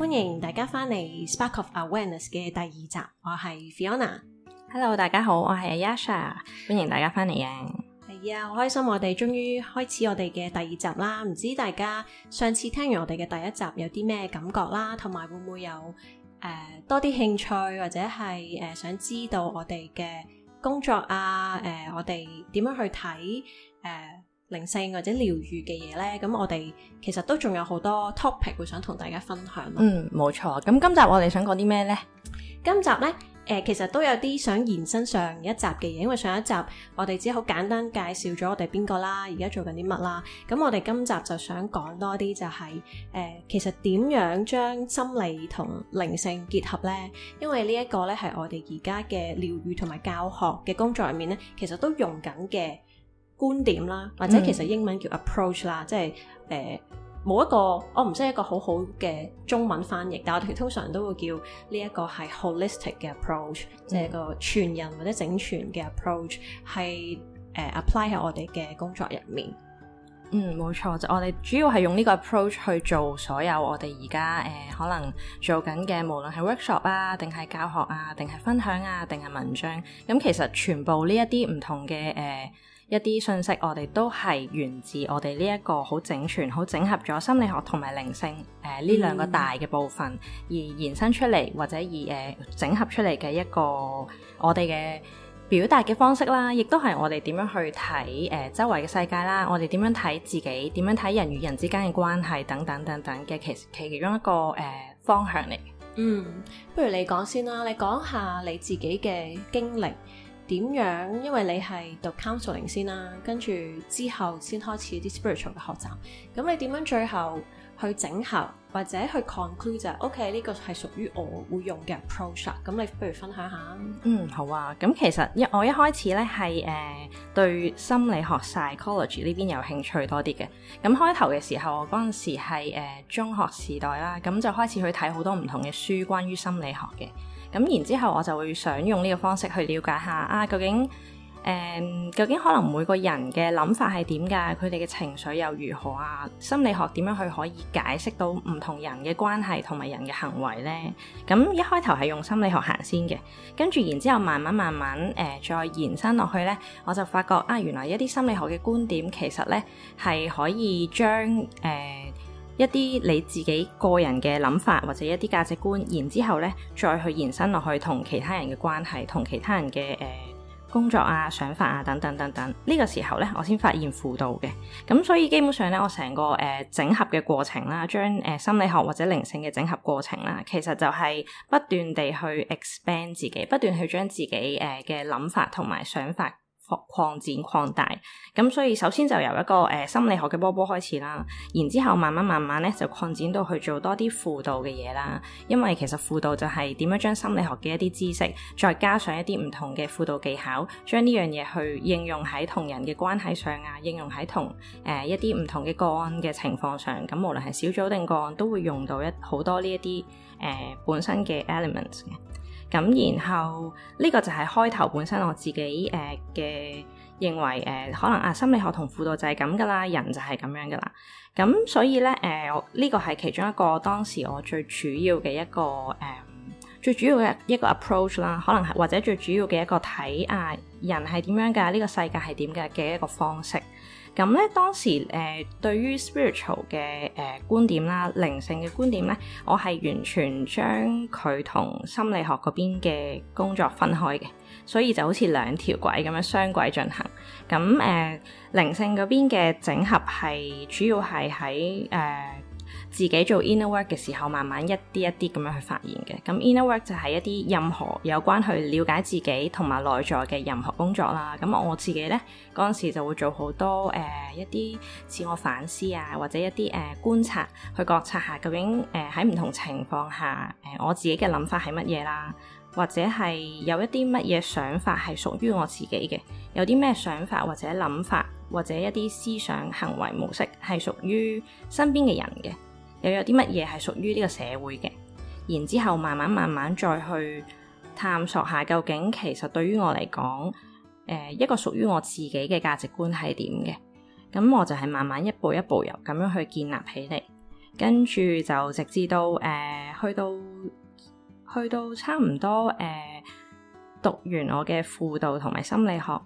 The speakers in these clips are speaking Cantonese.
歡迎大家翻嚟 Spark of Awareness 嘅第二集，我係 Fiona。Hello，大家好，我係 Ayasha。歡迎大家翻嚟，係啊、哎，好開心！我哋終於開始我哋嘅第二集啦。唔知大家上次聽完我哋嘅第一集有啲咩感覺啦，同埋會唔會有誒、呃、多啲興趣，或者係誒、呃、想知道我哋嘅工作啊？誒、呃，我哋點樣去睇誒，呃靈性或者療愈嘅嘢咧，咁我哋其實都仲有好多 topic 會想同大家分享。嗯，冇錯。咁今集我哋想講啲咩呢？今集呢，誒、呃，其實都有啲想延伸上一集嘅嘢，因為上一集我哋只好簡單介紹咗我哋邊個啦，而家做緊啲乜啦。咁我哋今集就想講多啲、就是，就係誒，其實點樣將心理同靈性結合呢？因為呢一個呢，係我哋而家嘅療愈同埋教學嘅工作入面呢，其實都用緊嘅。觀點啦，或者其實英文叫 approach 啦，嗯、即係誒，冇一個我唔識一個好好嘅中文翻譯，嗯、但係我哋通常都會叫呢、嗯、一個係 holistic 嘅 approach，即係個全人或者整全嘅 approach，係、嗯 uh, apply 喺我哋嘅工作入面。嗯，冇錯，就我哋主要係用呢個 approach 去做所有我哋而家誒可能做緊嘅，無論係 workshop 啊，定係教學啊，定係分享啊，定係文章，咁其實全部呢一啲唔同嘅誒。呃一啲信息，我哋都係源自我哋呢一個好整全、好整合咗心理學同埋靈性誒呢、呃、兩個大嘅部分，嗯、而延伸出嚟或者以誒、呃、整合出嚟嘅一個我哋嘅表達嘅方式啦，亦都係我哋點樣去睇誒、呃、周圍嘅世界啦，我哋點樣睇自己，點樣睇人與人之間嘅關係等等等等嘅其其其中一個誒、呃、方向嚟。嗯，不如你講先啦，你講下你自己嘅經歷。點樣？因為你係讀 counselling 先啦、啊，跟住之後先開始啲 spiritual 嘅學習。咁你點樣最後去整合或者去 conclude 就 OK？呢個係屬於我會用嘅 approach、啊。咁你不如分享下？嗯，好啊。咁其實一我一開始咧係誒對心理學 psychology 呢邊有興趣多啲嘅。咁開頭嘅時候，我嗰陣時係、呃、中學時代啦，咁就開始去睇好多唔同嘅書關於心理學嘅。咁然之後，我就會想用呢個方式去了解下啊，究竟誒、呃、究竟可能每個人嘅諗法係點㗎？佢哋嘅情緒又如何啊？心理學點樣去可以解釋到唔同人嘅關係同埋人嘅行為呢？咁一開頭係用心理學行先嘅，跟住然之後，後然之後慢慢慢慢誒、呃、再延伸落去呢，我就發覺啊，原來一啲心理學嘅觀點其實呢係可以將誒。呃一啲你自己個人嘅諗法或者一啲價值觀，然之後咧再去延伸落去同其他人嘅關係，同其他人嘅誒、呃、工作啊、想法啊等等等等。呢、這個時候咧，我先發現輔導嘅。咁所以基本上咧，我成個誒、呃、整合嘅過程啦，將誒、呃、心理學或者靈性嘅整合過程啦，其實就係不斷地去 expand 自己，不斷去將自己誒嘅諗法同埋想法。擴展擴大，咁所以首先就由一個誒、呃、心理學嘅波波開始啦，然之後慢慢慢慢咧就擴展到去做多啲輔導嘅嘢啦。因為其實輔導就係點樣將心理學嘅一啲知識，再加上一啲唔同嘅輔導技巧，將呢樣嘢去應用喺同人嘅關係上啊，應用喺同誒、呃、一啲唔同嘅個案嘅情況上。咁無論係小組定個案，都會用到一好多呢一啲誒本身嘅 elements 嘅。咁然後呢，這個就係開頭本身我自己誒嘅，呃，認為誒，呃，可能啊心理學同輔導就係咁噶啦，人就係咁樣噶啦。咁，啊，所以咧誒呢，呃這個係其中一個當時我最主要嘅一個誒，嗯，最主要嘅一個 approach 啦，可能係或者最主要嘅一個睇啊人係點樣㗎呢，這個世界係點㗎嘅一個方式。咁咧當時誒、呃、對於 spiritual 嘅誒、呃、觀點啦、呃，靈性嘅觀點咧，我係完全將佢同心理學嗰邊嘅工作分開嘅，所以就好似兩條軌咁樣雙軌進行。咁誒、呃、靈性嗰邊嘅整合係主要係喺誒、呃自己做 inner work 嘅時候，慢慢一啲一啲咁樣去發現嘅。咁 inner work 就係一啲任何有關去了解自己同埋內在嘅任何工作啦。咁我自己呢，嗰陣時就會做好多誒、呃、一啲自我反思啊，或者一啲誒、呃、觀察去觀察覺察下究竟誒喺唔同情況下誒、呃、我自己嘅諗法係乜嘢啦，或者係有一啲乜嘢想法係屬於我自己嘅，有啲咩想法或者諗法或者一啲思想行為模式係屬於身邊嘅人嘅。又有啲乜嘢係屬於呢個社會嘅，然之後慢慢慢慢再去探索下究竟其實對於我嚟講，誒、呃、一個屬於我自己嘅價值觀係點嘅，咁我就係慢慢一步一步由咁樣去建立起嚟，跟住就直至到誒、呃、去到去到差唔多誒、呃、讀完我嘅輔導同埋心理學誒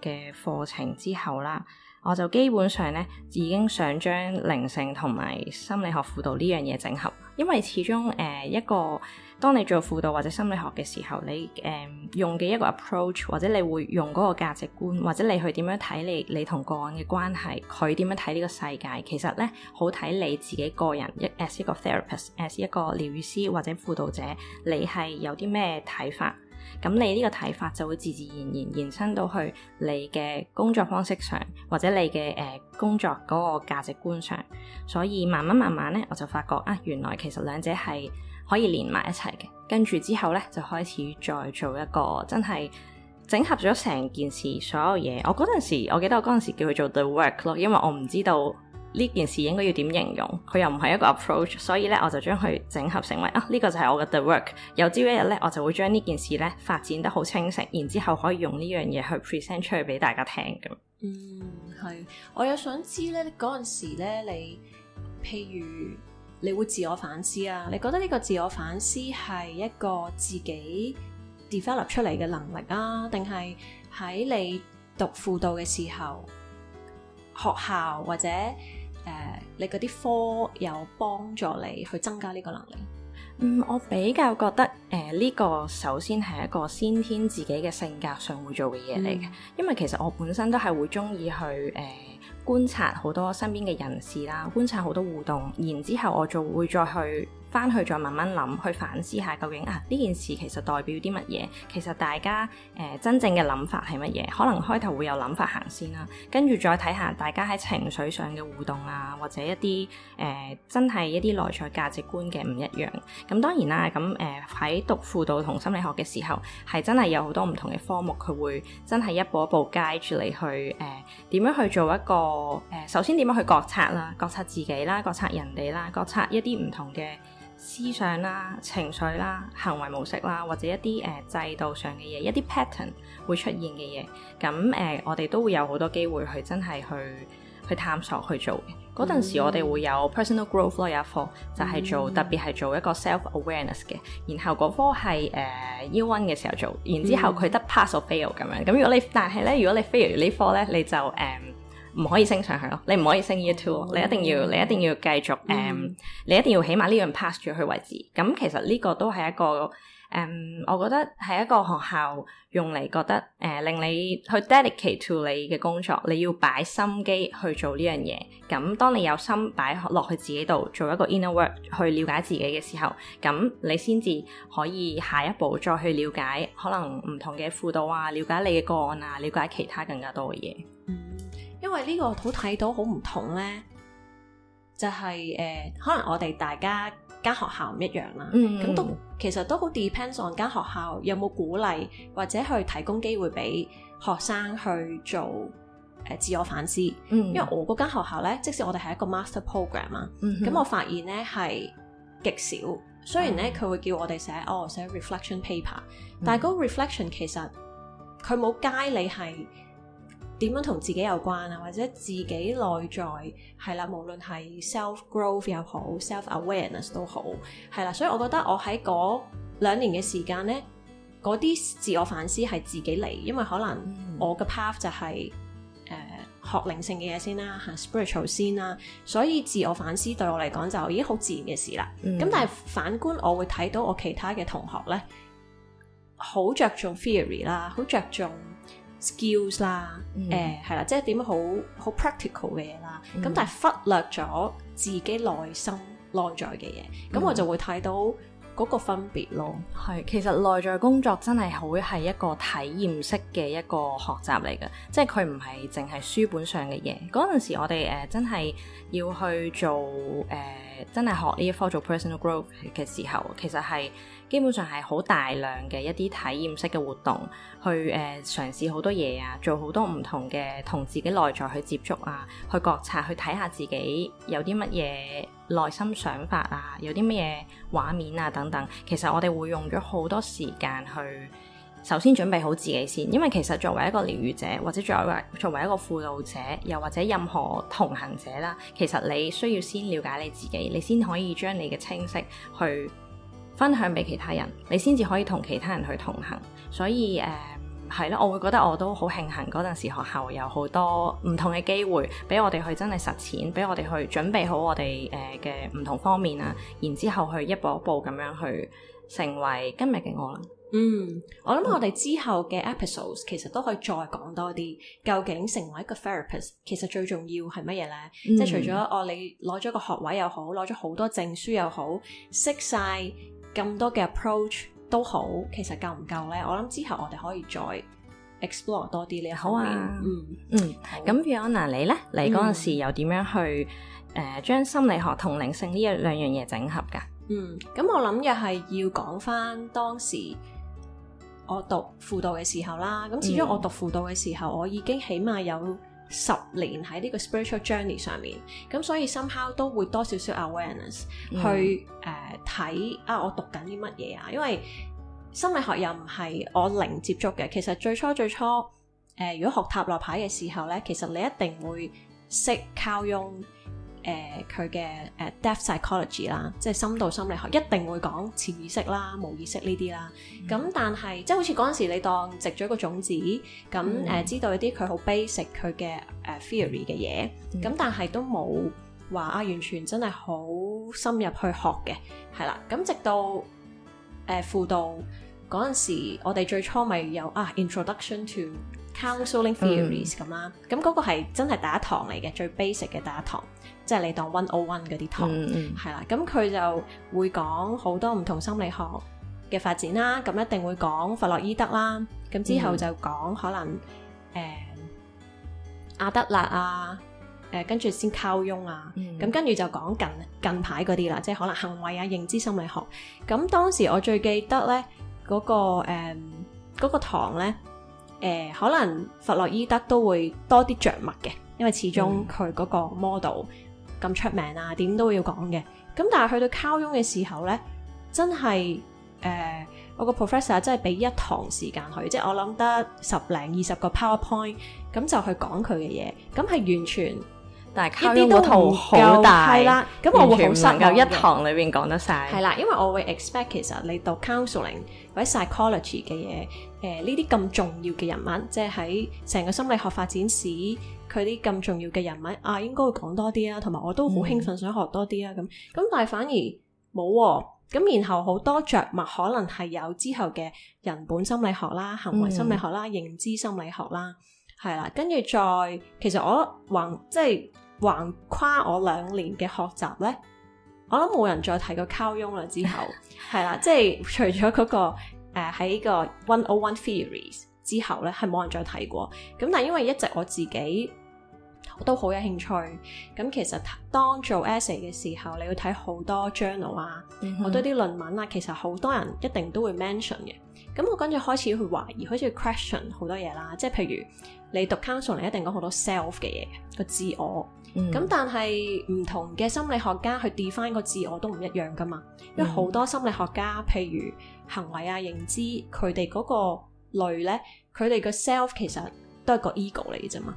嘅課程之後啦。我就基本上咧，已經想將靈性同埋心理學輔導呢樣嘢整合，因為始終誒、呃、一個，當你做輔導或者心理學嘅時候，你誒、呃、用嘅一個 approach，或者你會用嗰個價值觀，或者你去點樣睇你你同個案嘅關係，佢點樣睇呢個世界，其實咧好睇你自己個人，一 as 一個 therapist，as 一個療愈師或者輔導者，你係有啲咩睇法？咁你呢個睇法就會自自然然延伸到去你嘅工作方式上，或者你嘅誒、呃、工作嗰個價值觀上。所以慢慢慢慢咧，我就發覺啊，原來其實兩者係可以連埋一齊嘅。跟住之後咧，就開始再做一個真係整合咗成件事所有嘢。我嗰陣時，我記得我嗰陣時叫佢做 the work 咯，因為我唔知道。呢件事應該要點形容？佢又唔係一個 approach，所以咧我就將佢整合成為啊，呢個就係我嘅 the work。有朝一日咧，我就會將呢件事咧發展得好清晰，然之後可以用呢樣嘢去 present 出去俾大家聽咁。嗯，係。我又想知咧，嗰陣時咧，你譬如你會自我反思啊？你覺得呢個自我反思係一個自己 develop 出嚟嘅能力啊，定係喺你讀輔導嘅時候學校或者？誒，uh, 你嗰啲科有幫助你去增加呢個能力？嗯，我比較覺得誒呢、呃這個首先係一個先天自己嘅性格上會做嘅嘢嚟嘅，嗯、因為其實我本身都係會中意去誒觀察好多身邊嘅人士啦，觀察好多互動，然之後我就會再去。翻去再慢慢諗，去反思下究竟啊呢件事其實代表啲乜嘢？其實大家誒、呃、真正嘅諗法係乜嘢？可能開頭會有諗法行先啦，跟住再睇下大家喺情緒上嘅互動啊，或者一啲誒、呃、真係一啲內在價值觀嘅唔一樣。咁當然啦，咁誒喺讀輔導同心理學嘅時候，係真係有好多唔同嘅科目，佢會真係一步一步 guide 住你去誒點樣去做一個誒、呃、首先點樣去覺察啦，覺察自己啦，覺察人哋啦，覺察一啲唔同嘅思想啦、情緒啦、行為模式啦，或者一啲誒、呃、制度上嘅嘢，一啲 pattern 會出現嘅嘢，咁誒、呃、我哋都會有好多機會去真係去去探索去做嘅。嗰陣時我哋會有 personal growth 嗰一科，就係做特別係做一個 self awareness 嘅。然後嗰科係誒 U1 嘅時候做，然之後佢得 pass or fail 咁樣。咁如果你但係咧，如果你 fail 呢科咧，你就誒，Um, 唔可以升上去咯，你唔可以升 Year Two，你一定要，你一定要繼續，誒、嗯，um, 你一定要起碼呢樣 pass 住去為止。咁、嗯、其實呢個都係一個，誒、嗯，我覺得係一個學校用嚟覺得，誒、嗯，令你去 dedicate to 你嘅工作，你要擺心機去做呢樣嘢。咁、嗯、當你有心擺落去自己度，做一個 inner work 去了解自己嘅時候，咁、嗯、你先至可以下一步再去了解可能唔同嘅輔導啊，了解你嘅個案啊，了解其他更加多嘅嘢。嗯因為個呢個好睇到好唔同咧，就係、是、誒、呃，可能我哋大家間學校唔一樣啦，咁、嗯、哼都其實都好 depends，on、e、間學校有冇鼓勵或者去提供機會俾學生去做誒、呃、自我反思。嗯、因為我嗰間學校咧，即使我哋係一個 master program 啊、嗯哼，咁我發現咧係極少。雖然咧佢、嗯、會叫我哋寫哦寫 reflection paper，但係嗰個 reflection、嗯、其實佢冇 guide 你係。點樣同自己有關啊？或者自己內在係啦，無論係 self growth 又好，self awareness 都好，係啦。所以我覺得我喺嗰兩年嘅時間呢，嗰啲自我反思係自己嚟，因為可能我嘅 path 就係、是、誒、呃、學靈性嘅嘢先啦，吓 spiritual 先啦。所以自我反思對我嚟講就已經好自然嘅事啦。咁、嗯、但係反觀，我會睇到我其他嘅同學呢，好着重 theory 啦，好着重。skills 啦，誒係、嗯呃、啦，即係點樣好好 practical 嘅嘢啦，咁但係忽略咗自己內心內在嘅嘢，咁、嗯、我就會睇到嗰個分別咯。係，其實內在工作真係好係一個體驗式嘅一個學習嚟嘅，即係佢唔係淨係書本上嘅嘢。嗰陣時我哋誒、呃、真係要去做誒、呃，真係學呢一科做 personal growth 嘅時候，其實係。基本上係好大量嘅一啲體驗式嘅活動，去誒、呃、嘗試好多嘢啊，做好多唔同嘅同自己內在去接觸啊，去覺察，去睇下自己有啲乜嘢內心想法啊，有啲乜嘢畫面啊等等。其實我哋會用咗好多時間去首先準備好自己先，因為其實作為一個療癒者，或者作為作為一個輔導者，又或者任何同行者啦，其實你需要先了解你自己，你先可以將你嘅清晰去。分享俾其他人，你先至可以同其他人去同行。所以誒，係、呃、咯，我會覺得我都好慶幸嗰陣時學校有好多唔同嘅機會，俾我哋去真係實踐，俾我哋去準備好我哋誒嘅唔同方面啊。然之後去一步一步咁樣去成為今日嘅我啦。嗯，我諗我哋之後嘅 episodes 其實都可以再講多啲，究竟成為一個 therapist 其實最重要係乜嘢咧？嗯、即係除咗我、哦、你攞咗個學位又好，攞咗好多證書又好，識晒。咁多嘅 approach 都好，其實夠唔夠咧？我諗之後我哋可以再 explore 多啲咧，好啊。嗯嗯，咁譬如 Fiona 嗱，你咧嚟嗰陣時又點樣去誒，將、嗯呃、心理學同靈性呢一兩樣嘢整合噶？嗯，咁我諗又係要講翻當時我讀輔導嘅時候啦，咁始終我讀輔導嘅時候，嗯、我已經起碼有。十年喺呢個 spiritual journey 上面，咁所以 somehow 都會多少少 awareness、嗯、去誒睇、呃、啊，我讀緊啲乜嘢啊？因為心理學又唔係我零接觸嘅，其實最初最初誒、呃，如果學塔羅牌嘅時候咧，其實你一定會識靠用。誒佢嘅誒 depth psychology 啦，即係深度心理學，一定會講潛意識啦、冇意識呢啲啦。咁、mm hmm. 但係即係好似嗰陣時，你當植咗個種子，咁誒、mm hmm. 呃、知道一啲佢好 basic 佢嘅誒 theory 嘅嘢。咁、mm hmm. 但係都冇話啊，完全真係好深入去學嘅，係啦。咁直到誒、呃、輔導嗰陣時，我哋最初咪有啊 introduction to counselling theories 咁、mm hmm. 啦。咁、那、嗰個係真係第一堂嚟嘅，最 basic 嘅第一堂。即係你當 one o one 嗰啲堂係啦，咁佢就會講好多唔同心理學嘅發展啦。咁一定會講弗洛伊德啦，咁之後就講可能誒阿德勒啊，誒跟住先靠榮啊。咁跟住就講近近排嗰啲啦，即係可能行為啊、認知心理學。咁當時我最記得咧嗰個誒嗰個堂咧誒，可能弗洛伊德都會多啲著墨嘅，因為始終佢嗰個 model。咁出名啊，點都要講嘅。咁但係去到溝湧嘅時候呢，真係誒，我個 professor 真係俾一堂時間佢，即係我諗得十零二十個 powerpoint，咁就去講佢嘅嘢。咁係完全，但係溝湧嗰套好大，係啦，咁我會好失望冇，一堂裏面講得曬，係啦，因為我會 expect 其實你讀 counselling 或者 psychology 嘅嘢，誒呢啲咁重要嘅人物，即係喺成個心理學發展史。佢啲咁重要嘅人物啊，應該會講多啲啊，同埋我都好興奮、嗯、想學多啲啊，咁咁但係反而冇咁、啊，然後好多着物可能係有之後嘅人本心理學啦、行為心理學啦、嗯、認知心理學啦，係啦，跟住再其實我橫即係橫跨我兩年嘅學習咧，我諗冇人再提過 Carl Jung 啦，靠之後係啦， 即係除咗嗰、那個誒喺、呃、個 one o one theories 之後咧，係冇人再提過，咁但係因為一直我自己。都好有興趣，咁其實當做 essay 嘅時候，你要睇好多 journal 啊，好、mm hmm. 多啲論文啊，其實好多人一定都會 mention 嘅。咁我跟住開始去懷疑，開始去 question 好多嘢啦。即係譬如你讀 counsel，你一定講好多 self 嘅嘢，個自我。咁、mm hmm. 但係唔同嘅心理學家去 define 個自我都唔一樣噶嘛。因為好多心理學家，譬如行為啊、認知，佢哋嗰個類咧，佢哋個 self 其實都係個 ego 嚟嘅啫嘛。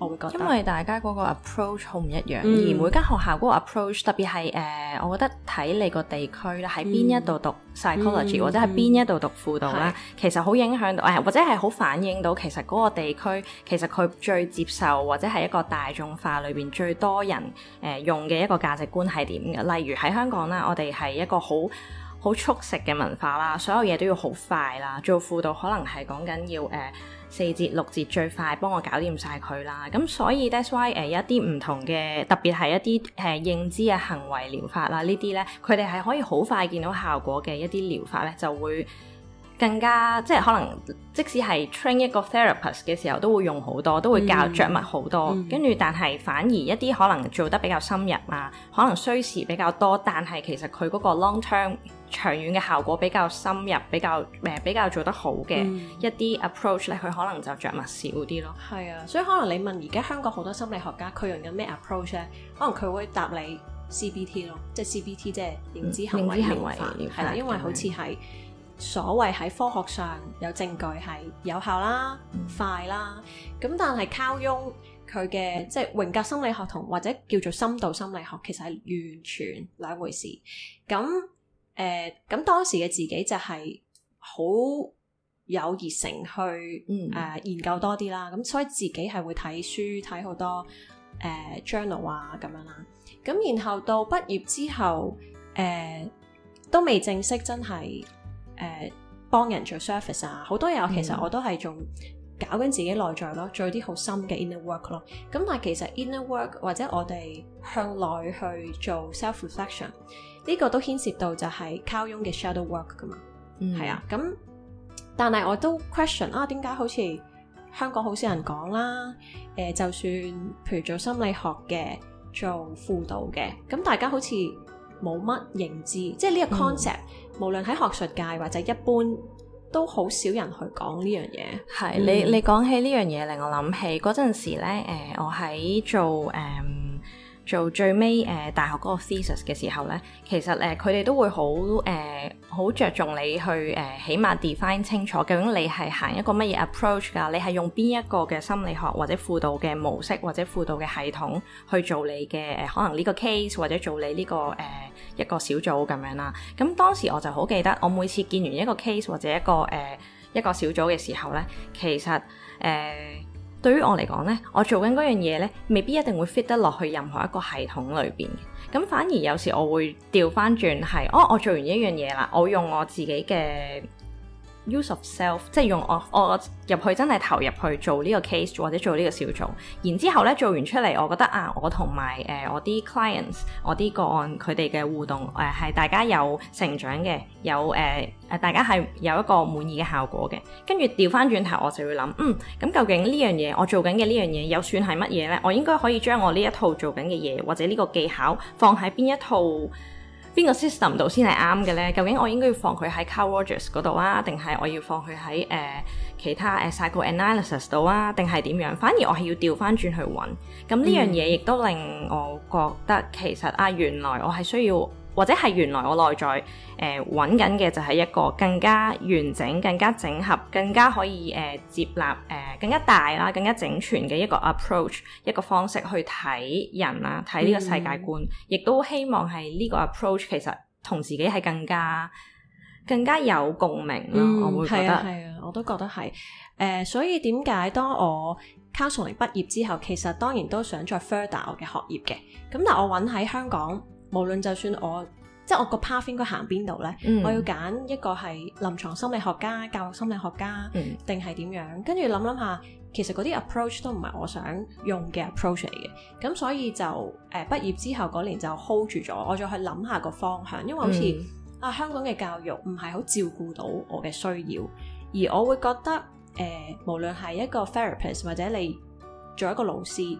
我會覺得因為大家嗰個 approach 好唔一樣，嗯、而每間學校嗰個 approach，特別係誒、呃，我覺得睇你個地區咧，喺邊一度讀 psychology、嗯、或者喺邊一度讀輔導啦，嗯、其實好影響到誒、呃，或者係好反映到其實嗰個地區其實佢最接受或者係一個大眾化裏邊最多人誒、呃、用嘅一個價值觀係點嘅。例如喺香港啦，我哋係一個好好速食嘅文化啦，所有嘢都要好快啦。做輔導可能係講緊要誒、呃四節六節最快幫我搞掂晒佢啦，咁所以 that's why 誒、呃、有一啲唔同嘅，特別係一啲誒、呃、認知嘅行為療法啦，呢啲咧佢哋係可以好快見到效果嘅一啲療法咧，就會更加即係可能即使係 train 一個 therapist 嘅時候，都會用好多，都會教着物好多，跟住、嗯、但係反而一啲可能做得比較深入嘛，可能需時比較多，但係其實佢嗰個 long term 長遠嘅效果比較深入，比較誒、呃、比較做得好嘅、嗯、一啲 approach 咧，佢可能就着墨少啲咯。係啊，所以可能你問而家香港好多心理學家佢用緊咩 approach 咧？可能佢會答你 CBT 咯，即係 CBT 即係認知行為、嗯、行為係啦，明白、啊、因為好似係所謂喺科學上有證據係有效啦、嗯、快啦。咁但係靠傭佢嘅即係榮格心理學同或者叫做深度心理學，其實係完全兩回事。咁誒，咁、呃、當時嘅自己就係好有熱誠去誒、呃、研究多啲啦，咁所以自己係會睇書睇好多誒、呃、journal 啊咁樣啦，咁然後到畢業之後，誒、呃、都未正式真係誒幫人做 service 啊，好多嘢我其實、嗯、我都係仲搞緊自己內在咯，做啲好深嘅 inner work 咯，咁但係其實 inner work 或者我哋向內去做 self reflection。Ref lection, 呢個都牽涉到就係 Carl Jung 嘅 shadow work 㗎嘛，係、嗯、啊，咁但係我都 question 啊，點解好似香港好少人講啦？誒、呃，就算譬如做心理學嘅、做輔導嘅，咁大家好似冇乜認知，即係呢個 concept、嗯、無論喺學術界或者一般，都好少人去講呢樣嘢。係是、嗯、你你講起呢樣嘢，令我諗起嗰陣時咧，誒、呃，我喺做誒。呃做最尾誒、呃、大學嗰個 thesis 嘅時候咧，其實誒佢哋都會好誒好着重你去誒、呃，起碼 define 清楚，究竟你係行一個乜嘢 approach 㗎？你係用邊一個嘅心理學或者輔導嘅模式或者輔導嘅系統去做你嘅、呃、可能呢個 case 或者做你呢、呢個誒、呃、一個小組咁樣啦。咁當時我就好記得，我每次見完一個 case 或者一個誒、呃、一個小組嘅時候咧，其實誒。呃對於我嚟講咧，我做緊嗰樣嘢咧，未必一定會 fit 得落去任何一個系統裏邊嘅，咁反而有時我會調翻轉係，哦，我做完一樣嘢啦，我用我自己嘅。Use of self，即係用我我入去真係投入去做呢個 case，或者做呢個小組，然之後咧做完出嚟，我覺得啊，我同埋誒我啲 clients，我啲個案佢哋嘅互動誒係、呃、大家有成長嘅，有誒誒、呃、大家係有一個滿意嘅效果嘅，跟住調翻轉頭我就會諗，嗯，咁究竟呢樣嘢我做緊嘅呢樣嘢又算係乜嘢咧？我應該可以將我呢一套做緊嘅嘢或者呢個技巧放喺邊一套？邊個 system 度先係啱嘅咧？究竟我應該要放佢喺 Carl Rogers 嗰度啊，定係我要放佢喺誒其他誒、呃、psychoanalysis 度啊？定係點樣？反而我係要調翻轉去揾。咁呢樣嘢亦都令我覺得其實啊，原來我係需要。或者係原來我內在誒揾緊嘅就係一個更加完整、更加整合、更加可以誒、呃、接納誒、呃、更加大啦、更加整全嘅一個 approach 一個方式去睇人啦，睇呢個世界觀，亦、嗯、都希望係呢個 approach 其實同自己係更加更加有共鳴咯。嗯、我會覺得係啊，啊，啊，我都覺得係誒、呃。所以點解當我 counsellor 畢業之後，其實當然都想再 further 我嘅學業嘅。咁但我揾喺香港。無論就算我即係我個 path 應該行邊度咧，嗯、我要揀一個係臨床心理學家、教育心理學家，定係點樣？跟住諗諗下，其實嗰啲 approach 都唔係我想用嘅 approach 嚟嘅。咁所以就誒、呃、畢業之後嗰年就 hold 住咗，我再去諗下個方向。因為好似、嗯、啊香港嘅教育唔係好照顧到我嘅需要，而我會覺得誒、呃，無論係一個 therapist 或者你做一個老師，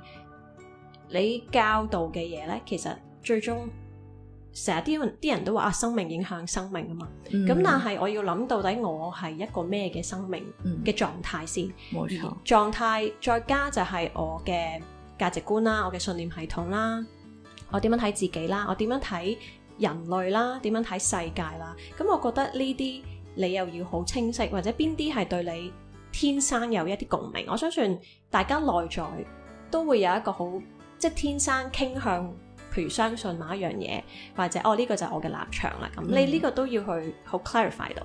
你教導嘅嘢咧，其實。最終成日啲人啲人都話啊，生命影響生命啊嘛。咁、mm hmm. 但係我要諗到底我係一個咩嘅生命嘅狀態先。冇錯、mm，hmm. 狀態再加就係我嘅價值觀啦，我嘅信念系統啦，我點樣睇自己啦，我點樣睇人類啦，點樣睇世界啦。咁我覺得呢啲你又要好清晰，或者邊啲係對你天生有一啲共鳴。我相信大家內在都會有一個好即係天生傾向。譬如相信某一樣嘢，或者哦呢、呢個就係我嘅立場啦。咁、嗯、你呢個都要去好 clarify 到。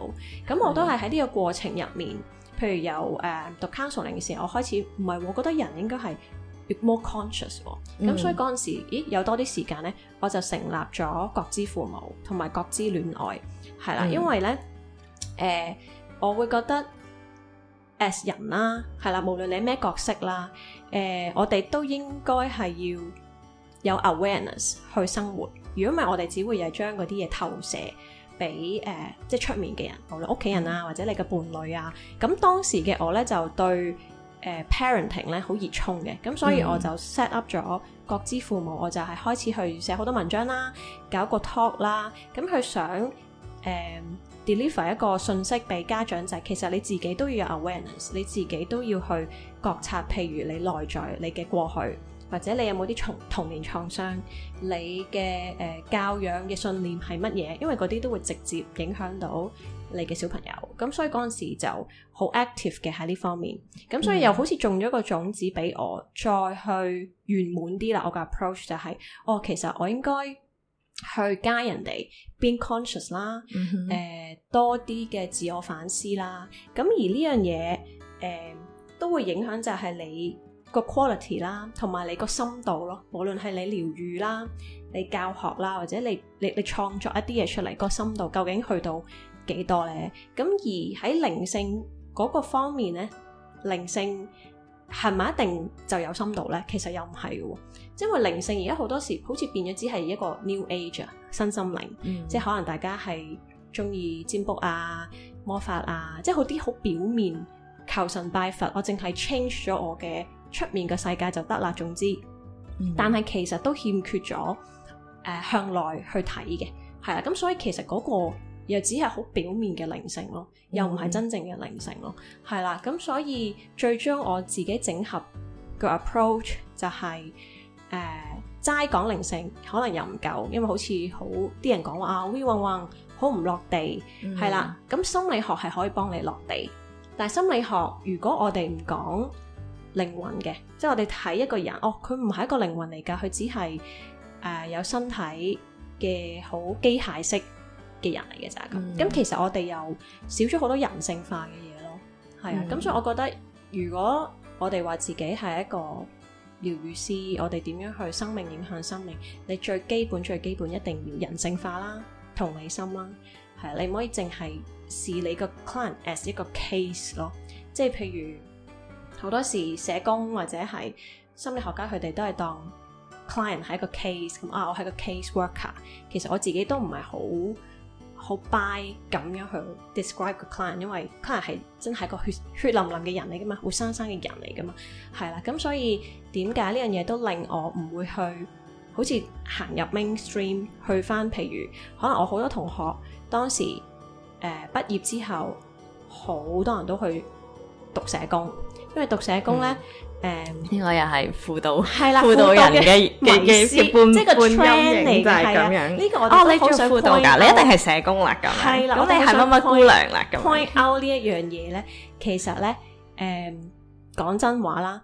咁、嗯、我都係喺呢個過程入面，譬如由誒讀、呃、counseling 嘅時候，我開始唔係我覺得人應該係越 more conscious。咁、嗯、所以嗰陣時，咦有多啲時間咧，我就成立咗覺知父母同埋覺知戀愛係啦。嗯、因為咧誒、呃，我會覺得 as、呃、人啦、呃，係啦，無論你咩角色啦，誒、呃呃，我哋都應該係要，有 awareness 去生活，如果唔係，我哋只會係將嗰啲嘢投射俾誒、呃、即係出面嘅人，無論屋企人啊，或者你嘅伴侶啊。咁當時嘅我咧就對誒、呃、parenting 咧好熱衷嘅，咁所以我就 set up 咗覺知父母，我就係開始去寫好多文章啦，搞個 talk 啦。咁佢想誒 deliver、呃、一個信息俾家長，就係、是、其實你自己都要有 awareness，你自己都要去覺察，譬如你內在你嘅過去。或者你有冇啲童童年創傷，你嘅誒、呃、教養嘅信念係乜嘢？因為嗰啲都會直接影響到你嘅小朋友。咁所以嗰陣時就好 active 嘅喺呢方面。咁所以又好似種咗個種子俾我，再去圓滿啲啦。我個 approach 就係、是、哦，其實我應該去加人哋 being conscious 啦，誒、嗯哼呃、多啲嘅自我反思啦。咁而呢樣嘢誒都會影響就係你，個 quality 啦，同埋你個深度咯。無論係你療愈啦、你教學啦，或者你你你創作一啲嘢出嚟，個深度究竟去到幾多咧？咁而喺靈性嗰個方面咧，靈性係咪一定就有深度咧？其實又唔係嘅，即係因為靈性而家好多時好似變咗，只係一個 New Age 身心靈，嗯、即係可能大家係中意占卜啊、魔法啊，即係好啲好表面求神拜佛，我淨係 change 咗我嘅出面嘅世界就得啦，總之，嗯、但係其實都欠缺咗誒、呃、向內去睇嘅，係啦，咁所以其實嗰個又只係好表面嘅靈性咯，又唔係真正嘅靈性咯，係啦、嗯，咁所以最終我自己整合嘅 approach 就係誒齋講靈性可能又唔夠，因為好似好啲人講話啊「we Won Won」，好唔落地，係啦、嗯，咁心理學係可以幫你落地，但係心理學如果我哋唔講，嗯靈魂嘅，即係我哋睇一個人，哦，佢唔係一個靈魂嚟噶，佢只係誒有身體嘅好機械式嘅人嚟嘅咋咁。咁其實我哋又少咗好多人性化嘅嘢咯，係啊。咁所以我覺得，如果我哋話自己係一個療癒師，我哋點樣去生命影響生命？你最基本最基本一定要人性化啦，同理心啦，係啊。你唔可以淨係視你個 client as 一個 case 咯，即係譬如。好多時社工或者係心理學家，佢哋都係當 client 係一個 case 咁啊，我係個 case worker。其實我自己都唔係好好 buy 咁樣去 describe 個 client，因為 client 係真係個血血淋淋嘅人嚟噶嘛，活生生嘅人嚟噶嘛，係啦。咁所以點解呢樣嘢都令我唔會去好似行入 mainstream 去翻，譬如可能我好多同學當時誒畢業之後，好多人都去讀社工。因為讀社工咧，誒，呢個又係輔導，係啦，輔導人嘅嘅嘅一般，即係個 training 就係咁樣。呢個我唔好想輔導噶，你一定係社工啦，咁樣。係啦，咁你係乜乜姑娘啦？咁 point out 呢一樣嘢咧，其實咧，誒，講真話啦，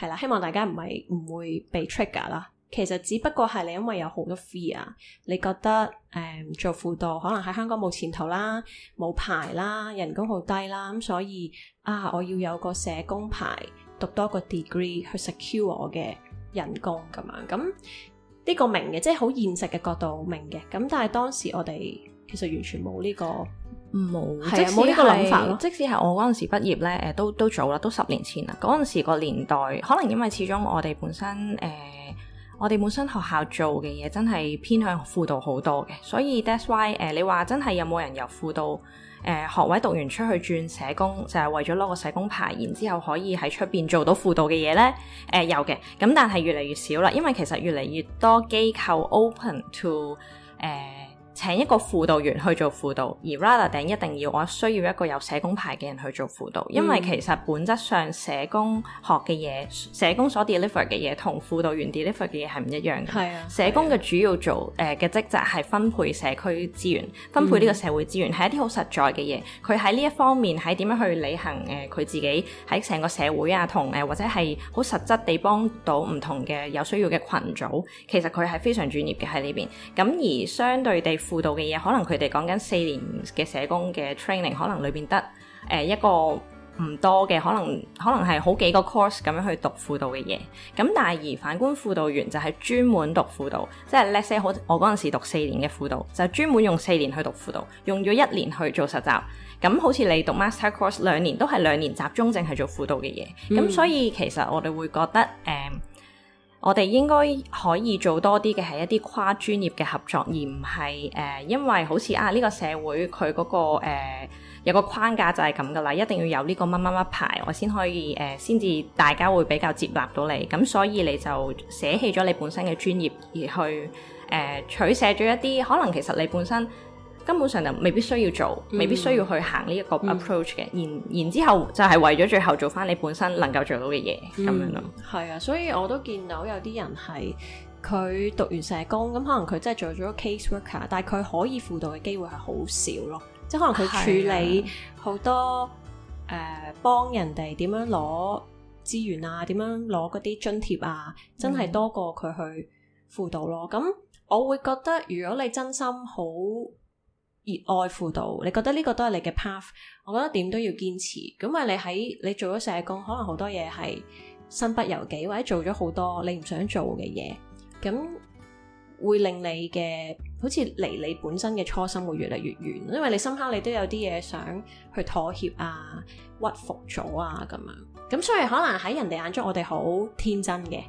係啦，希望大家唔係唔會被 trigger 啦。其實只不過係你因為有好多 fear 啊。你覺得誒、嗯、做輔導可能喺香港冇前途啦，冇牌啦，人工好低啦，咁所以啊我要有個社工牌，讀多個 degree 去 secure 我嘅人工咁樣，咁呢、這個明嘅，即係好現實嘅角度明嘅，咁但係當時我哋其實完全冇呢、這個冇，冇呢的個諗法咯。即使係我嗰陣時畢業咧，誒都都早啦，都十年前啦。嗰陣時個年代，可能因為始終我哋本身誒。呃我哋本身學校做嘅嘢真係偏向輔導好多嘅，所以 that's why 誒、呃，你話真係有冇人由輔導誒、呃、學位讀完出去轉社工，就係、是、為咗攞個社工牌，然之後可以喺出邊做到輔導嘅嘢呢？誒、呃、有嘅，咁但係越嚟越少啦，因為其實越嚟越多機構 open to 誒、呃。請一個輔導員去做輔導，而 rather than 一定要我需要一個有社工牌嘅人去做輔導，嗯、因為其實本質上社工學嘅嘢、社工所 deliver 嘅嘢同輔導員 deliver 嘅嘢係唔一樣嘅。係啊，啊社工嘅主要做誒嘅職責係分配社區資源、分配呢個社會資源，係一啲好實在嘅嘢。佢喺呢一方面喺點樣去履行誒佢、呃、自己喺成個社會啊，同誒、呃、或者係好實質地幫到唔同嘅有需要嘅群組。其實佢係非常專業嘅喺呢邊。咁而相對地。輔導嘅嘢，可能佢哋講緊四年嘅社工嘅 training，可能裏邊得誒一個唔多嘅，可能可能係好幾個 course 咁樣去讀輔導嘅嘢。咁但係而反觀輔導員就係專門讀輔導，即係 let's say，我嗰陣時讀四年嘅輔導，就專門用四年去讀輔導，用咗一年去做實習。咁好似你讀 master course 兩年都係兩年集中淨係做輔導嘅嘢。咁、嗯、所以其實我哋會覺得誒。嗯我哋應該可以做多啲嘅係一啲跨專業嘅合作，而唔係誒，因為好似啊呢、這個社會佢嗰、那個、呃、有個框架就係咁㗎喇，一定要有呢個乜乜乜牌，我先可以誒，先、呃、至大家會比較接納到你。咁所以你就捨棄咗你本身嘅專業，而去誒、呃、取捨咗一啲可能其實你本身。根本上就未必需要做，未必需要去行呢一個 approach 嘅，嗯、然然之後就係為咗最後做翻你本身能夠做到嘅嘢咁樣咯。係啊，所以我都見到有啲人係佢讀完社工，咁可能佢真係做咗 case worker，但係佢可以輔導嘅機會係好少咯，即係可能佢處理好多誒、啊呃、幫人哋點樣攞資源啊，點樣攞嗰啲津貼啊，真係多過佢去輔導咯。咁、嗯、我會覺得如果你真心好，熱愛輔導，你覺得呢個都係你嘅 path？我覺得點都要堅持，咁因為你喺你做咗社工，可能好多嘢係身不由己，或者做咗好多你唔想做嘅嘢，咁會令你嘅好似離你本身嘅初心會越嚟越遠。因為你深刻，你都有啲嘢想去妥協啊、屈服咗啊，咁樣咁，所以可能喺人哋眼中，我哋好天真嘅，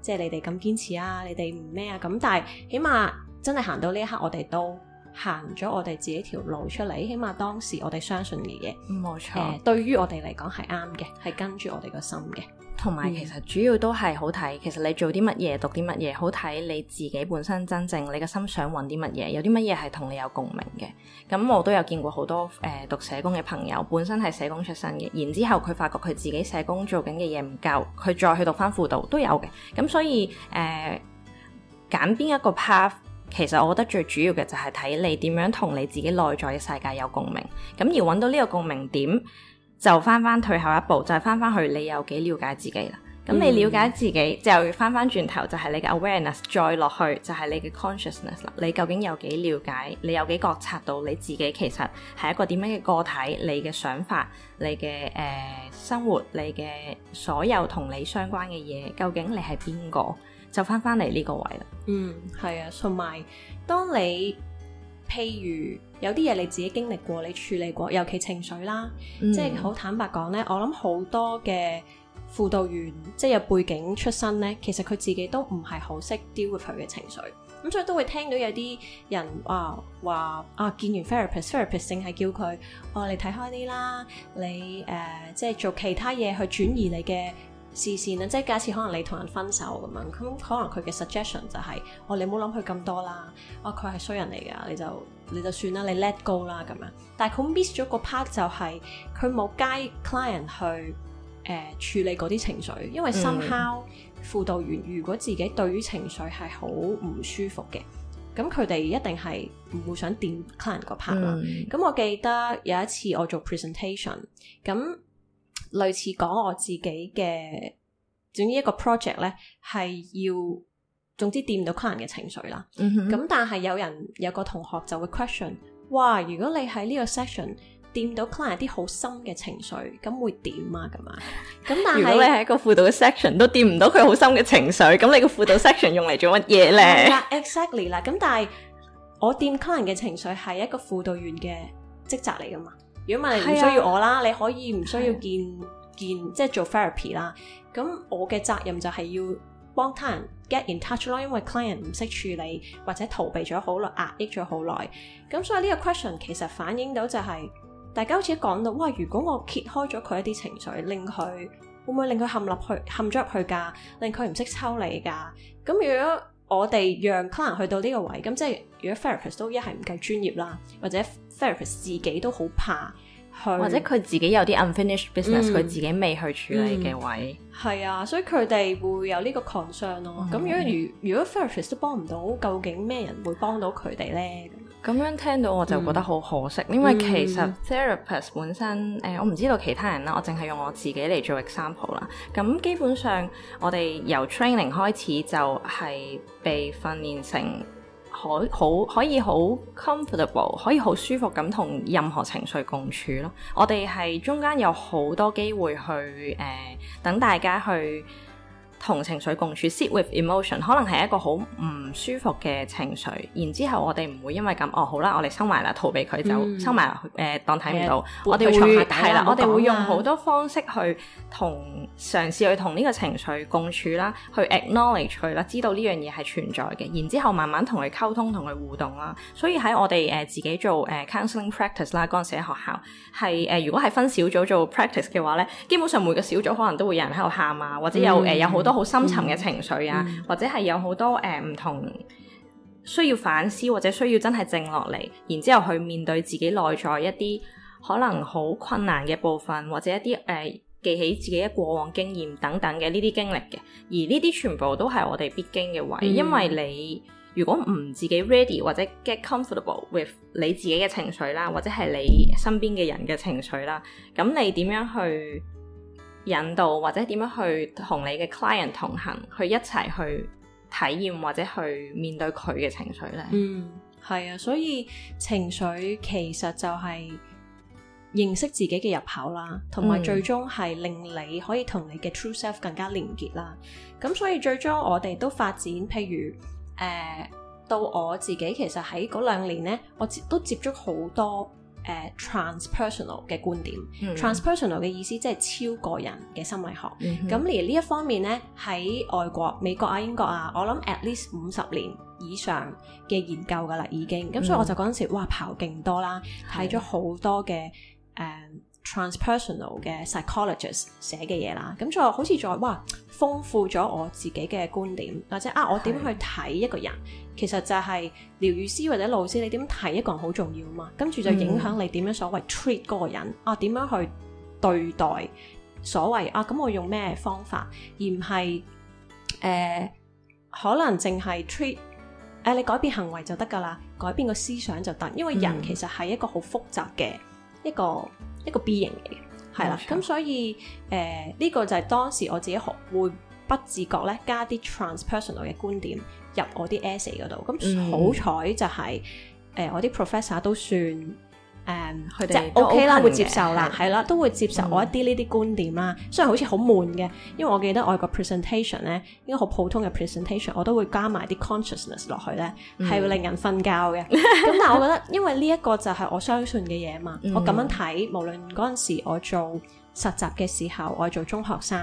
即係你哋咁堅持啊，你哋唔咩啊，咁但係起碼真係行到呢一刻，我哋都。行咗我哋自己條路出嚟，起碼當時我哋相信嘅嘢，誒、冇錯、呃，對於我哋嚟講係啱嘅，係跟住我哋個心嘅。同埋其實主要都係好睇，其實你做啲乜嘢，讀啲乜嘢，好睇你自己本身真正你個心想揾啲乜嘢，有啲乜嘢係同你有共鳴嘅。咁我都有見過好多誒、呃、讀社工嘅朋友，本身係社工出身嘅，然之後佢發覺佢自己社工做緊嘅嘢唔夠，佢再去讀翻輔導都有嘅。咁所以誒揀邊一個 path。其實我覺得最主要嘅就係睇你點樣同你自己內在嘅世界有共鳴，咁而揾到呢個共鳴點，就返返退後一步，就返返去你有幾了解自己啦。咁你了解自己，嗯、就返返轉頭就係你嘅 awareness 再落去，就係、是、你嘅 consciousness 啦。你究竟有幾了解，你有幾覺察到你自己其實係一個點樣嘅個體？你嘅想法、你嘅誒、呃、生活、你嘅所有同你相關嘅嘢，究竟你係邊個？就返返嚟呢個位啦。嗯，係啊，同埋當你譬如有啲嘢你自己經歷過，你處理過，尤其情緒啦，嗯、即係好坦白講呢，我諗好多嘅輔導員即係有背景出身呢，其實佢自己都唔係好識 deal with 佢嘅情緒，咁所以都會聽到有啲人話話啊，見完 therapist，therapist 淨係叫佢哦，你睇開啲啦，你誒、呃、即係做其他嘢去轉移你嘅。視線啦，即係假設可能你同人分手咁樣，咁可能佢嘅 suggestion 就係、是：哦，你冇諗佢咁多啦，哦，佢係衰人嚟㗎，你就你就算啦，你 let go 啦咁樣。但係佢 miss 咗個 part 就係佢冇 guide client 去誒、呃、處理嗰啲情緒，因為 somehow 輔導員如果自己對於情緒係好唔舒服嘅，咁佢哋一定係唔會想掂 client 個 part 啦。咁、嗯、我記得有一次我做 presentation，咁。類似講我自己嘅，總之一個 project 咧，係要總之掂到 client 嘅情緒啦。咁、嗯、哼但係有人有個同學就會 question：，哇，如果你喺呢個 section 掂到 client 啲好深嘅情緒，咁會點啊？咁啊 是？咁但係你喺一個輔導嘅 section 都掂唔到佢好深嘅情緒，咁你個輔導 section 用嚟做乜嘢咧？Exactly 啦。咁但係我掂 client 嘅情緒係一個輔導員嘅職責嚟噶嘛。如果唔係唔需要我啦，的你可以唔需要見的見即係做 therapy 啦。咁我嘅責任就係要幫他人 get in touch 咯，因為 client 唔識處理或者逃避咗好耐，壓抑咗好耐。咁所以呢個 question 其實反映到就係、是、大家好似講到，哇！如果我揭開咗佢一啲情緒，令佢會唔會令佢陷入去陷咗入去噶？令佢唔識抽離噶？咁如果我哋讓 client 去到呢個位，咁即係如果 therapist 都一係唔夠專業啦，或者？Therapist 自己都好怕，或者佢自己有啲 unfinished business，佢、嗯、自己未去處理嘅位，係、嗯嗯、啊，所以佢哋會有呢個創傷咯。咁、嗯、如果如如果 therapist 都幫唔到，究竟咩人會幫到佢哋呢？咁樣聽到我就覺得好可惜，嗯、因為其實 therapist 本身誒、呃，我唔知道其他人啦，我淨係用我自己嚟做 example 啦。咁基本上我哋由 training 開始就係被訓練成。好，好可以好 comfortable，可以好舒服咁同任何情緒共處咯。我哋係中間有好多機會去，誒、呃、等大家去。同情緒共處，sit with emotion，可能係一個好唔舒服嘅情緒。然之後我哋唔會因為咁，哦，好啦，我哋收埋啦，逃避佢就收埋，誒當睇唔到。我哋會係啦，我哋會用好多方式去同嘗試去同呢個情緒共處啦，去 acknowledge 佢啦，知道呢樣嘢係存在嘅。然之後慢慢同佢溝通，同佢互動啦。所以喺我哋誒、呃、自己做誒、呃、counseling practice 啦，嗰陣時喺學校係誒、呃，如果係分小組做 practice 嘅話咧，基本上每個小組可能都會有人喺度喊啊，或者有誒、嗯、有好、呃、多。好多好深沉嘅情緒啊，嗯嗯、或者係有好多誒、呃、唔同需要反思，或者需要真係靜落嚟，然之後去面對自己內在一啲可能好困難嘅部分，或者一啲誒記起自己嘅過往經驗等等嘅呢啲經歷嘅。而呢啲全部都係我哋必經嘅位，嗯、因為你如果唔自己 ready 或者 get comfortable with 你自己嘅情緒啦，或者係你身邊嘅人嘅情緒啦，咁你點樣去引導或者點樣去同你嘅 client 同行，去一齊去體驗或者去面對佢嘅情緒呢？嗯，係啊，所以情緒其實就係認識自己嘅入口啦，同埋最終係令你可以同你嘅 true self 更加連結啦。咁、嗯、所以最終我哋都發展，譬如誒、呃，到我自己其實喺嗰兩年呢，我接都接觸好多。誒、uh, Transpersonal 嘅觀點，Transpersonal 嘅意思即係超過人嘅心理學。咁，而呢一方面呢，喺外國、美國啊、英國啊，我諗 at least 五十年以上嘅研究噶啦，已經。咁所以我就嗰陣時，哇，跑勁多啦，睇咗好多嘅誒。Transpersonal 嘅 psychologist 寫嘅嘢啦，咁就好似在哇豐富咗我自己嘅觀點，或者啊我點樣去睇一個人，Yes. 其實就係、是、療癒師或者老師，你點睇一個人好重要啊嘛，跟住就影響你點樣所謂 treat 嗰個人啊，點樣去對待所謂啊，咁我用咩方法，而唔係誒可能淨係 treat 誒、啊、你改變行為就得噶啦，改變個思想就得，因為人其實係一個好複雜嘅、mm hmm. 一個。一個 B 型嚟嘅，係啦，咁錯所以誒呢、呃這個就係當時我自己學會不自覺咧加啲 transpersonal 嘅觀點入我啲 essay 嗰度，咁好彩就係、是、誒、嗯呃、我啲 professor 都算。誒，就 OK 啦，會接受啦，係的啦，都會接受我一啲呢啲觀點啦。嗯、雖然好似好悶嘅，因為我記得我有個 presentation 咧，應該好普通嘅 presentation，我都會加埋啲 consciousness 落去咧，係、嗯、會令人瞓覺嘅。咁 但係我覺得，因為呢一個就係我相信嘅嘢嘛，嗯、我咁樣睇，無論嗰陣時我做實習嘅時候，我係做中學生，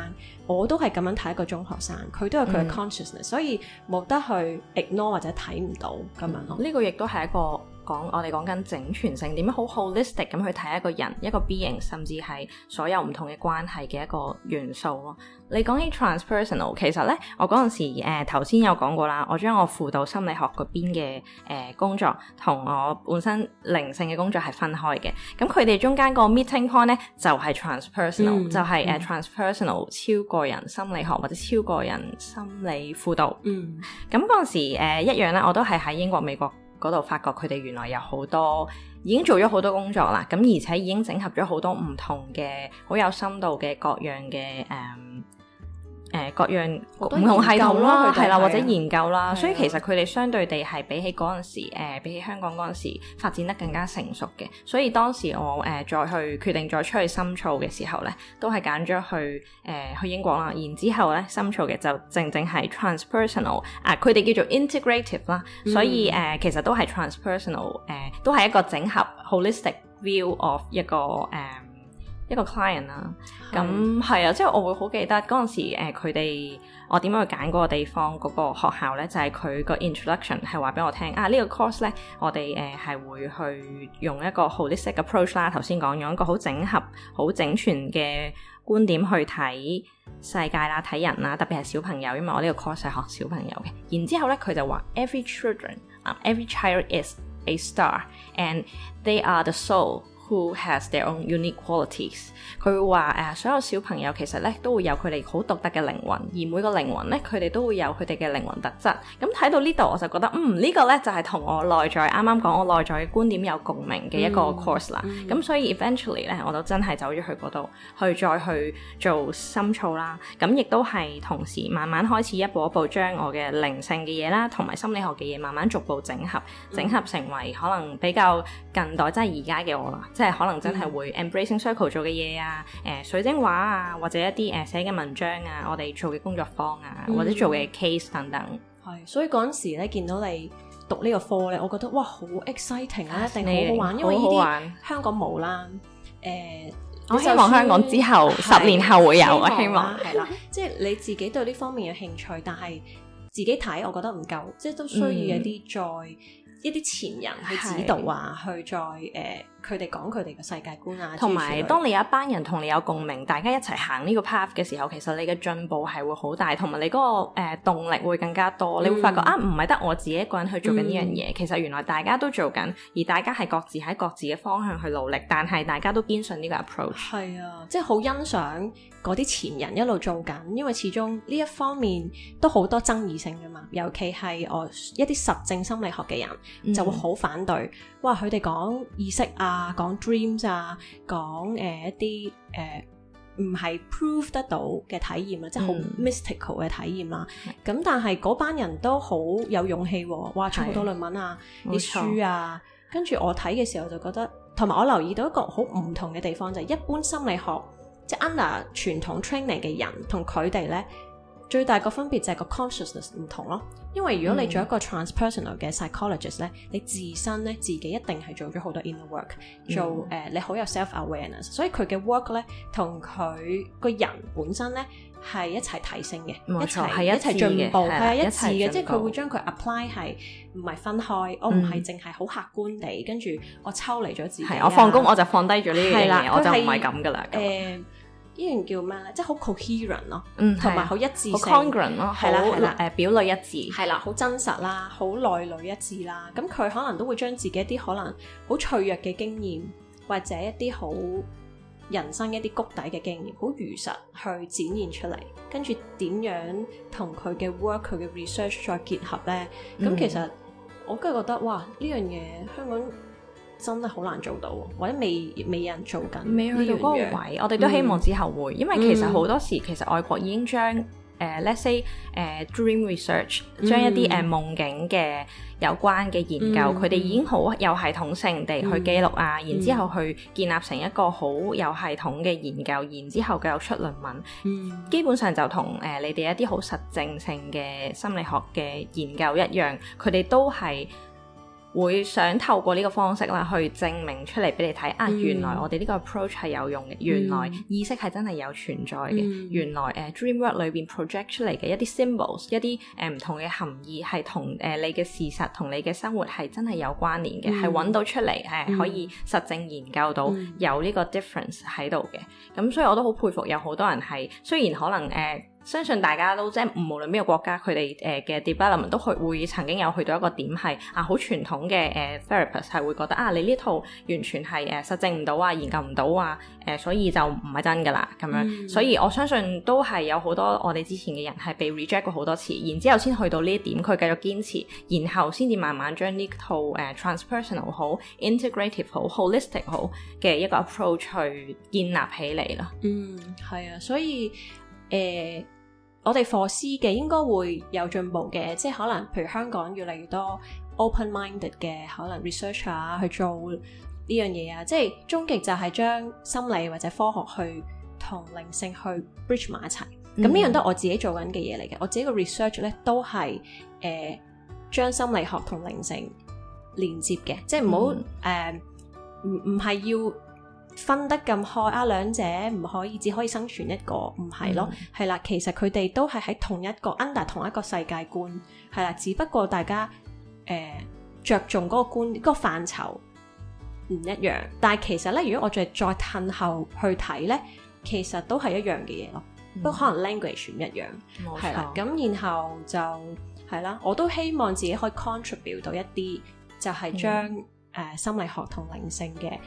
我都係咁樣睇一個中學生，佢都係佢嘅 consciousness，、嗯、所以冇得去 ignore 或者睇唔到咁樣咯。呢、嗯嗯這個亦都係一個。講我哋講緊整全性點樣好 holistic 咁去睇一個人，一個 being，甚至係所有唔同嘅關係嘅一個元素咯。你講起 transpersonal，其實咧，我嗰陣時誒，頭先有講過啦，我將我輔導心理學嗰邊嘅誒、呃、工作同我本身靈性嘅工作係分開嘅。咁佢哋中間個 meeting point 咧就係、是、transpersonal，、嗯、就係誒 transpersonal、嗯、超個人心理學或者超個人心理輔導。嗯，咁嗰陣時誒、呃、一樣咧，我都係喺英國美國。嗰度發覺佢哋原來有好多已經做咗好多工作啦，咁而且已經整合咗好多唔同嘅好有深度嘅各樣嘅誒。嗯誒各樣唔同系統啦，係啦、啊，或者研究啦，的所以其實佢哋相對地係比起嗰陣時、呃，比起香港嗰陣時發展得更加成熟嘅。所以當時我誒、呃、再去決定再出去深造嘅時候咧，都係揀咗去誒、呃、去英國啦。然之後咧深造嘅就正正係 transpersonal、嗯、啊，佢哋叫做 integrative 啦。所以誒、呃、其實都係 transpersonal 誒、呃，都係一個整合 holistic view of 一個誒。呃一個 client 啦，咁係啊，即係的、啊、我會好記得嗰陣時，佢、呃、哋我點樣去揀嗰個地方、嗰、那個學校呢嗰個學校，就係佢個 introduction 係話俾我聽，啊呢、這個呢個 course 呢，我哋誒係會去用一個 holistic approach 啦，頭先講用一個好整合、好整全嘅觀點去睇世界啦、睇人啦，特別係小朋友，因為我呢個 course 係係學小朋友嘅。然之後呢，佢就話 every children 啊、uh,，every child is a star and they are the soul。Who has their own unique qualities？佢會話所有小朋友其實咧都會有佢哋好獨特嘅靈魂，而每個靈魂咧，佢哋都會有佢哋嘅靈魂特質。咁睇到呢度，我就覺得嗯，這個、呢個咧就係、是、同我內在啱啱講我內在嘅觀點有共鳴嘅一個 course 啦。咁、嗯嗯、所以 eventually 咧，我都真係走咗去嗰度去再去做深造啦。咁亦都係同時慢慢開始一步一步將我嘅靈性嘅嘢啦，同埋心理學嘅嘢慢慢逐步整合，整合成為可能比較近代即係而家嘅我啦。即係可能真係會 Embracing Circle 做嘅嘢啊，誒、嗯呃、水晶畫啊，或者一啲誒寫嘅文章啊，我哋做嘅工作坊啊，嗯、或者做嘅 case 等等。係，所以嗰陣時咧見到你讀個課呢個科咧，我覺得哇好 exciting 啊，一定好好玩，因為呢啲香港冇啦。誒、呃，我希望香港之後、嗯、十年後會有啊，我希望係 啦。即、就、係、是、你自己對呢方面嘅興趣，但係自己睇我覺得唔夠，即、就、係、是、都需要有啲再一啲前人去指導啊，對 去再誒。呃佢哋講佢哋嘅世界觀啊，同埋有當你有一班人同你有共鳴，嗯、大家一齊行呢個 path 嘅時候，其實你嘅進步係會好大，同埋你嗰個誒動力會更加多。嗯、你會發覺啊，唔係得我自己一個人去做緊呢樣嘢，嗯、其實原來大家都做緊，而大家係各自喺各自嘅方向去努力，但係大家都堅信呢個 approach。係啊，即係好欣賞嗰啲前人一路做緊，因為始終呢一方面都好多爭議性㗎嘛，尤其係我一啲實證心理學嘅人就會好反對。嗯嗯。話佢哋講意識啊，講 dreams 啊，講誒、呃、一啲誒唔係 prove 得到嘅體驗啦，嗯、即係好 mystical 嘅體驗啦。咁、嗯、但係嗰班人都好有勇氣、啊，哇，出好多論文啊，啲對書啊。跟住錯我睇嘅時候就覺得，同埋我留意到一個好唔同嘅地方就係、是，一般心理學即係 under 傳統 training 嘅人同佢哋咧。最大個分別就係個 consciousness 唔同咯，因為如果你做一個 transpersonal 嘅 psychologist 咧，你自身咧自己一定係做咗好多 inner work，做誒你好有 self awareness，所以佢嘅 work 咧同佢個人本身咧係一齊提升嘅，一齊一齊進步係一致嘅，即係佢會將佢 apply 係唔係分開，我唔係淨係好客觀地跟住我抽離咗自己，我放工我就放低咗呢樣嘢，我就唔係咁噶啦。呢樣叫咩咧？即係好 coherent 咯，嗯，同埋好一致性，好 congruent 咯，係啦、啊，係啦、啊，誒、啊啊、表裏一致，係啦、啊，好真實啦，好內裏一致啦。咁佢、嗯、可能都會將自己一啲可能好脆弱嘅經驗，或者一啲好人生一啲谷底嘅經驗，好如實去展現出嚟。跟住點樣同佢嘅 work、佢嘅 research 再結合咧？咁其實我覺得哇，呢樣嘢香港，真係好難做到，或者未未有人做緊，未去到嗰個位，種我哋都希望之後會，嗯、因為其實好多時、嗯、其實外國已經將誒、uh, let's say 誒、uh, dream research 將、嗯、一啲誒夢境嘅有關嘅研究，佢哋、嗯、已經好有系統性地去記錄啊，嗯、然之後去建立成一個好有系統嘅研究，嗯、然之後佢又出論文。嗯、基本上就同誒、uh, 你哋一啲好實證性嘅心理學嘅研究一樣，佢哋都係，會想透過呢個方式啦，去證明出嚟俾你睇、嗯、啊！原來我哋呢個 approach 係有用嘅，嗯、原來意識係真係有存在嘅，嗯、原來誒、uh, dream work 里裏邊 project 出嚟嘅一啲 symbols 一、一啲誒唔同嘅含義係同誒你嘅事實同你嘅生活係真係有關聯嘅，係揾、嗯、到出嚟誒、uh, 嗯、可以實證研究到有呢個 difference 喺度嘅。咁、嗯、所以我都好佩服有好多人係雖然可能誒。Uh, 相信大家都即係無論邊個國家，佢哋誒嘅 development 都去會曾經有去到一個點係啊，好傳統嘅誒、呃、therapist 係會覺得啊，你呢套完全係誒實證唔到啊，研究唔到啊，誒、呃、所以就唔係真噶啦咁樣。嗯、所以我相信都係有好多我哋之前嘅人係被 reject 過好多次，然之後先去到呢點，佢繼續堅持，然後先至慢慢將呢套誒、呃、Transpersonal 好 Integrative 好 Holistic 好嘅一個 approach 去建立起嚟啦。嗯，係啊，所以誒。呃我哋 f o 嘅應該會有進步嘅，即係可能譬如香港越嚟越多 open minded 嘅可能 researcher、啊、去做呢樣嘢啊，即係終極就係將心理或者科學去同靈性去 bridge 埋一齊。咁呢、嗯、樣都係我自己做緊嘅嘢嚟嘅，我自己個 research 咧、er、都係誒將心理學同靈性連接嘅，即係唔好誒，唔唔係要。嗯呃分得咁開啊，兩者唔可以只可以生存一個，唔係咯，係、嗯、啦，其實佢哋都係喺同一個 under 同一個世界觀，係啦，只不過大家誒着、呃、重嗰個觀嗰、嗰個範疇唔一樣，但係其實咧，如果我再再褪後去睇咧，其實都係一樣嘅嘢咯，都、嗯、可能 language 唔一樣，係、嗯、啦，咁、嗯、沒錯 然後就係啦，我都希望自己可以 contribute 到一啲，就係將誒心理學同靈性嘅。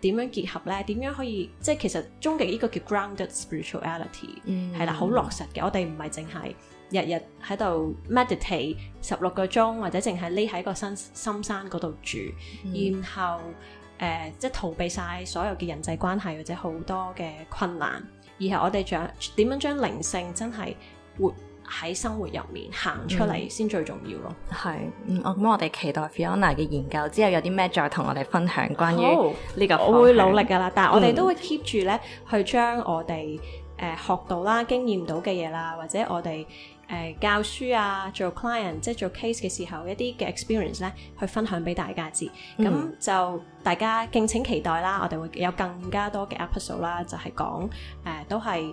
點樣結合咧？點樣可以即係其實終極呢個叫 grounded spirituality 係啦、嗯，好落實嘅。嗯、我哋唔係淨係日日喺度 meditate 十六個鐘，或者淨係匿喺個深深山嗰度住，嗯、然後誒、呃、即係逃避晒所有嘅人際關係或者好多嘅困難。然後我哋想點樣將靈性真係活喺生活入面行出嚟先、嗯、最重要咯。係，嗯，哦，咁我哋期待 Fiona 嘅研究之後有啲咩再同我哋分享關於呢、哦這個。我會努力噶啦，但係我哋都會 keep 住咧去將我哋誒、呃、學到啦、經驗到嘅嘢啦，或者我哋誒、呃、教書啊、做 client 即係做 case 嘅時候一啲嘅 experience 咧去分享俾大家知。咁、嗯、就大家敬請期待啦，我哋會有更加多嘅 episode 啦，就係講誒都係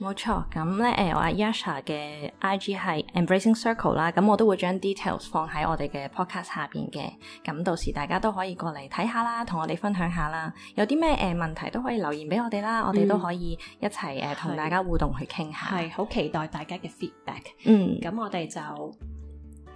冇錯，咁咧誒，我阿 Yasha 嘅 IG 係 Embracing Circle 啦，咁我都會將 details 放喺我哋嘅 podcast 下邊嘅，咁到時大家都可以過嚟睇下啦，同我哋分享下啦，有啲咩誒問題都可以留言俾我哋啦，嗯、我哋都可以一齊誒同大家互動去傾下，係好期待大家嘅 feedback。嗯，咁我哋就。